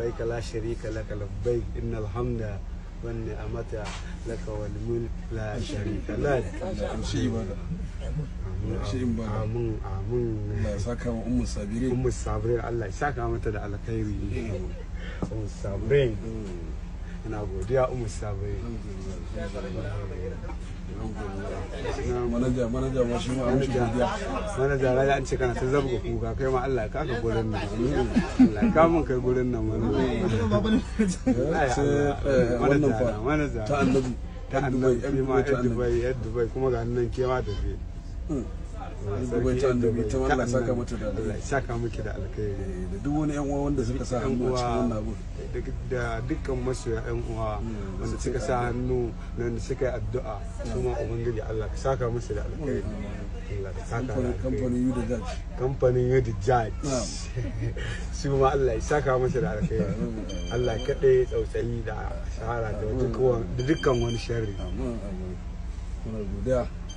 labbaik la sharika laka labbaik innal hamda wan ni'mata laka Allah ya saka wa ummu sabirin ummu sabirin Allah ya saka mata da alkhairi ummu ina godiya ummu manaja manaja ma shi ma an godiya manaja an kana ta zabga kuka kai ma Allah ka ka gurin nan Allah ka mun kai gurin nan manaja sai wannan fa manaja ta annabi ta annabi ta annabi kuma ga nan kewa da biyu ta bi ta Allah saka mata da Allah saka miki da alkhairi eh, da duk wani yan uwa wanda suka sa hannu a cikin wannan abu da dukkan masoya yan uwa hmm, wanda suka sa hannu nan suka yi addu'a su ma ubangiji Allah ka saka musu da alkhairi hmm. Allah ka saka Judge Judge su ma Allah ya saka musu da alkhairi Allah da shahara da dukkan wani sharri godiya